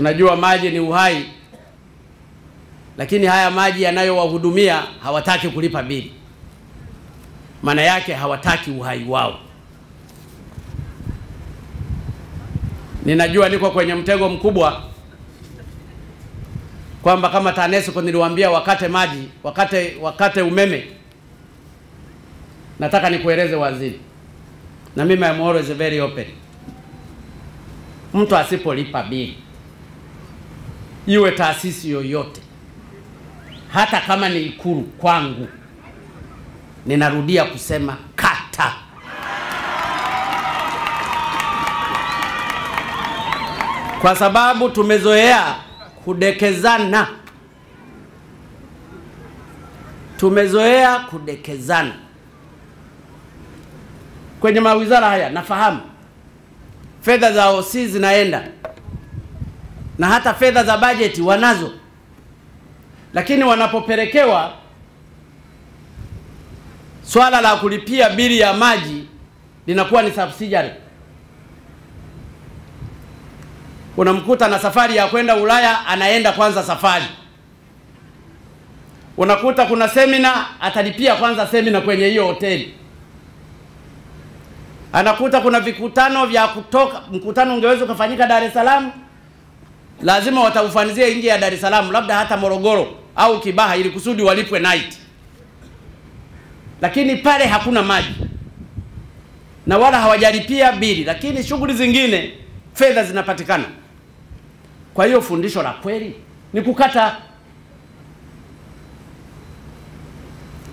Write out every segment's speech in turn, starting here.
Tunajua maji ni uhai, lakini haya maji yanayowahudumia hawataki kulipa bili, maana yake hawataki uhai wao. Ninajua niko kwenye mtego mkubwa kwamba kama TANESCO niliwaambia wakate maji, wakate, wakate umeme. Nataka nikueleze waziri, na mimi I'm always very open, mtu asipolipa bili iwe taasisi yoyote, hata kama ni Ikulu kwangu, ninarudia kusema kata. Kwa sababu tumezoea kudekezana, tumezoea kudekezana kwenye mawizara haya. Nafahamu fedha za OC zinaenda na hata fedha za bajeti wanazo, lakini wanapopelekewa swala la kulipia bili ya maji linakuwa ni subsidiary. Unamkuta na safari ya kwenda Ulaya, anaenda kwanza safari. Unakuta kuna semina, atalipia kwanza semina kwenye hiyo hoteli anakuta kuna vikutano vya kutoka, mkutano ungeweza ukafanyika Dar es Salaam, lazima wataufanizia nje ya Dar es Salaam, labda hata Morogoro au Kibaha, ili kusudi walipwe night, lakini pale hakuna maji na wala hawajalipia bili, lakini shughuli zingine fedha zinapatikana. Kwa hiyo fundisho la kweli ni kukata.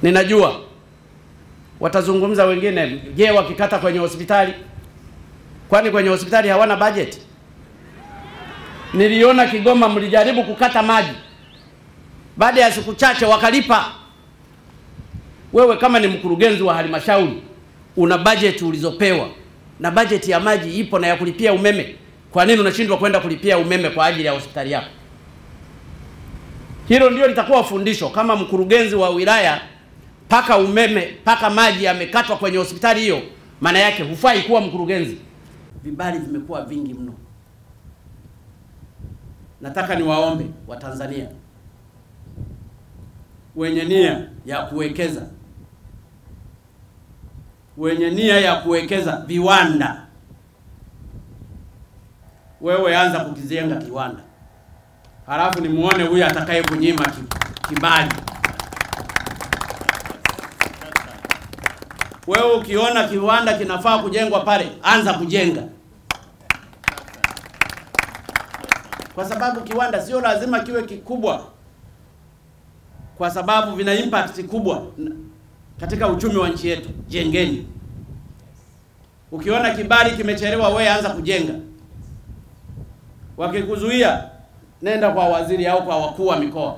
Ninajua watazungumza wengine, je, wakikata kwenye hospitali, kwani kwenye hospitali hawana bajeti? Niliona Kigoma mlijaribu kukata maji, baada ya siku chache wakalipa. Wewe kama ni mkurugenzi wa halmashauri, una bajeti ulizopewa na bajeti ya maji ipo na ya kulipia umeme, kwa nini unashindwa kwenda kulipia umeme kwa ajili ya hospitali yako? Hilo ndio litakuwa fundisho kama mkurugenzi wa wilaya. Paka umeme paka maji yamekatwa kwenye hospitali hiyo, maana yake hufai kuwa mkurugenzi. Vibali vimekuwa vingi mno. Nataka niwaombe Watanzania wenye nia ya kuwekeza, wenye nia ya kuwekeza viwanda, wewe anza kukijenga kiwanda, halafu nimuone huyu atakaye kunyima kibali. Wewe ukiona kiwanda kinafaa kujengwa pale, anza kujenga. kwa sababu kiwanda sio lazima kiwe kikubwa, kwa sababu vina impact kubwa katika uchumi wa nchi yetu. Jengeni. Ukiona kibali kimechelewa, wewe anza kujenga. Wakikuzuia, nenda kwa waziri au kwa wakuu wa mikoa.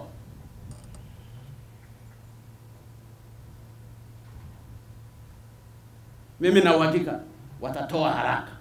Mimi na uhakika watatoa haraka.